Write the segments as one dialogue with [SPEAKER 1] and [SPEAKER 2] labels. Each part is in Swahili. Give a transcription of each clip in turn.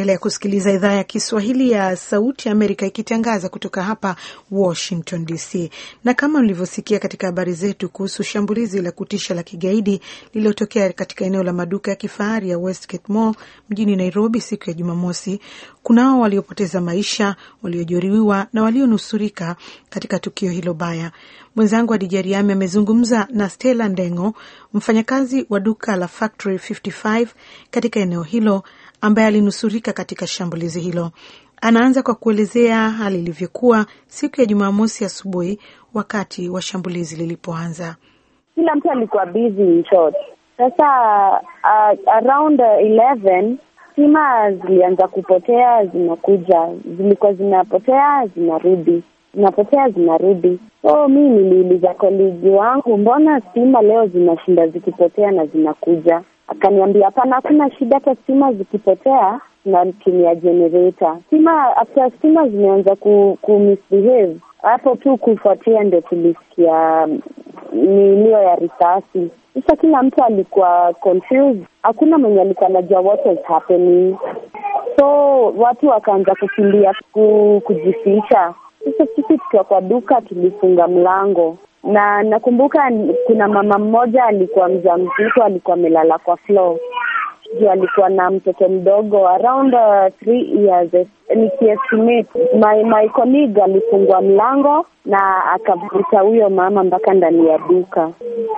[SPEAKER 1] Unaendelea kusikiliza idhaa ya Kiswahili ya Sauti ya Amerika ikitangaza kutoka hapa Washington DC, na kama mlivyosikia katika habari zetu kuhusu shambulizi la kutisha la kigaidi lililotokea katika eneo la maduka ya kifahari ya Westgate Mall mjini Nairobi siku ya Jumamosi, kunao waliopoteza maisha, waliojeruhiwa na walionusurika katika tukio hilo baya. Mwenzangu adijariami amezungumza na Stella Ndengo, mfanyakazi wa duka la Factory 55 katika eneo hilo ambaye alinusurika kuhusika katika shambulizi hilo. Anaanza kwa kuelezea hali ilivyokuwa siku ya Jumamosi asubuhi wakati wa shambulizi lilipoanza.
[SPEAKER 2] Kila mtu alikuwa busy in short. Sasa uh, around 11 stima zilianza kupotea, zinakuja, zilikuwa zinapotea, zinarudi, zinapotea, zinarudi. So mi niliuliza kolegi wangu, mbona stima leo zinashinda zikipotea na zinakuja? akaniambia hapana, hakuna shida, hata stima zikipotea tunatumia jenereta. Stima after stima zimeanza ku, ku misbehave hapo tu, kufuatia ndo tulisikia mm, milio ya risasi. Sasa kila mtu alikuwa confused, hakuna mwenye alikuwa anajua what was happening, so watu wakaanza kukimbia ku, kujificha. Sasa sisi tukiwa kwa duka tulifunga mlango na nakumbuka kuna mama mmoja alikuwa mjamzito, alikuwa amelala kwa floor juu alikuwa na mtoto mdogo around uh, three years nikiestimate. My, my colleague alifungua mlango na akavuta huyo mama mpaka ndani ya duka,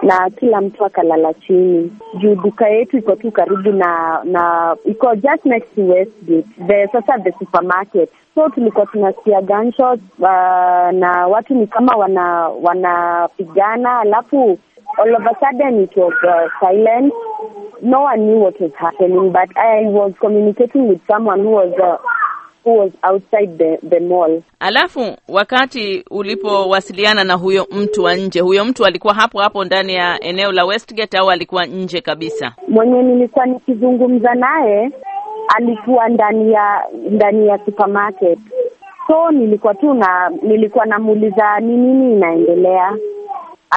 [SPEAKER 2] na kila mtu akalala chini juu duka yetu iko tu karibu na na iko just next to Westgate, the sasa the supermarket so tulikuwa tunasikia gunshot uh, na watu ni kama wana wanapigana alafu all of a sudden it was uh, silent no one knew what was happening, but I was communicating with someone who was uh, who was outside the, the mall. Alafu
[SPEAKER 1] wakati ulipowasiliana na huyo mtu wa nje, huyo mtu alikuwa hapo hapo ndani ya eneo la Westgate au alikuwa nje kabisa?
[SPEAKER 2] Mwenye nilikuwa nikizungumza naye alikuwa ndani ya ndani ya supermarket, so nilikuwa tu na nilikuwa namuuliza ni nini inaendelea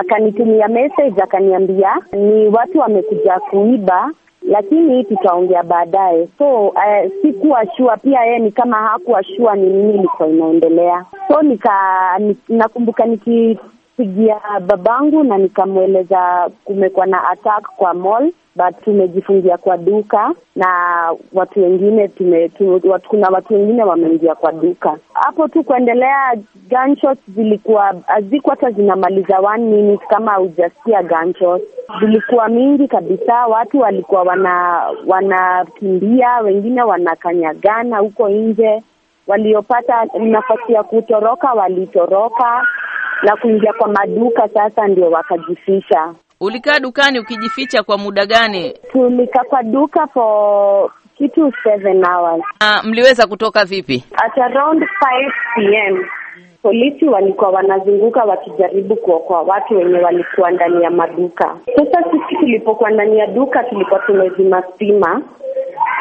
[SPEAKER 2] akanitumia message akaniambia, ni watu wamekuja kuiba lakini tutaongea baadaye. So uh, sikuwa shua pia yeye ni kama hakuwa shua ni nini ilikuwa inaendelea. So nika, nika nakumbuka niki nikampigia babangu na nikamweleza kumekuwa na attack kwa mall but tumejifungia kwa duka na watu wengine tume, tume, watu, kuna watu wengine wameingia kwa duka hapo tu kuendelea. gancho zilikuwa hazikuwa hata zinamaliza one minute kama hujasikia gunshots, zilikuwa mingi kabisa. Watu walikuwa wana wanakimbia, wengine wanakanyagana huko nje. Waliopata nafasi ya kutoroka walitoroka na kuingia kwa maduka, sasa ndio wakajificha.
[SPEAKER 1] Ulikaa dukani ukijificha kwa muda gani?
[SPEAKER 2] Tulikaa kwa duka for kitu 7 hours.
[SPEAKER 1] Na mliweza kutoka
[SPEAKER 2] vipi? At around 5 pm polisi walikuwa wanazunguka wakijaribu kuokoa watu wenye walikuwa ndani ya maduka. Sasa sisi tulipokuwa ndani ya duka tulikuwa tumezima stima,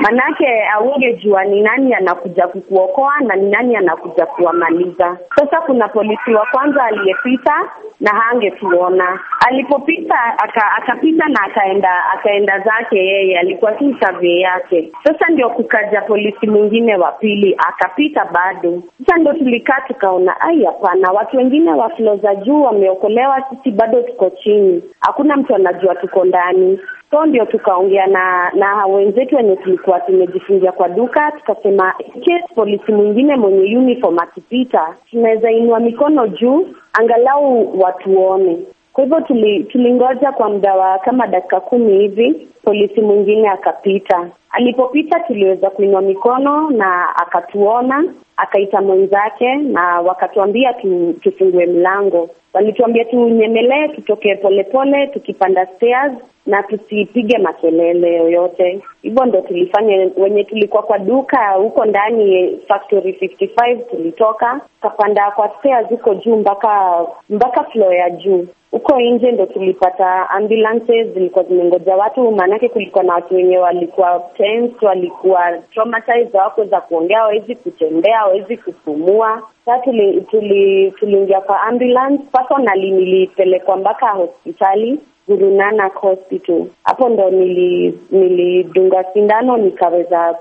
[SPEAKER 2] manake aungejua ni nani anakuja kukuokoa na ni nani anakuja kuwamaliza. Sasa kuna polisi wa kwanza aliyepita na hangetuona, alipopita akapita aka na akaenda akaenda zake yeye, alikuwa tu savie yake. Sasa ndio kukaja polisi mwingine wa pili akapita bado. Sasa ndio tulikaa tukaona, ai, hapana, watu wengine wa flo za juu wameokolewa, sisi bado tuko chini, hakuna mtu anajua tuko ndani. So ndio tukaongea na na wenzetu wenye tulikuwa tumejifungia kwa duka, tukasema case polisi mwingine mwenye uniform akipita, tunaweza inua mikono juu angalau watuone. Kwa hivyo tuli, tulingoja kwa muda wa kama dakika kumi hivi, polisi mwingine akapita. Alipopita tuliweza kuinua mikono na akatuona, akaita mwenzake na wakatuambia tu, tufungue mlango. Walituambia tunyemelee, tutokee polepole tukipanda stairs na tusipige makelele yoyote. Hivyo ndo tulifanya wenye tulikuwa kwa duka huko ndani Factory 55, tulitoka tukapanda kwa stairs huko juu mpaka mpaka floor ya juu huko nje ndo tulipata ambulances zilikuwa zimengoja watu, maanake kulikuwa na watu wenye walikuwa tense, walikuwa traumatized, hawakuweza kuongea, hawawezi kutembea, hawawezi kupumua. saa tuliingia tuli, tuli kwa ambulance. Personally nilipelekwa mpaka hospitali Guru Hospital. Hapo ndo nili, nilidunga sindano nikaweza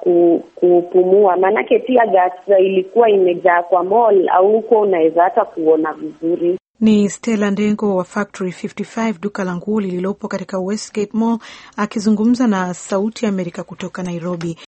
[SPEAKER 2] kupumua, maanake pia gas ilikuwa imejaa kwa mall au huko unaweza hata kuona vizuri.
[SPEAKER 1] Ni Stella Ndengo wa Factory 55 duka la nguo lililopo katika Westgate Mall akizungumza na Sauti ya Amerika kutoka Nairobi.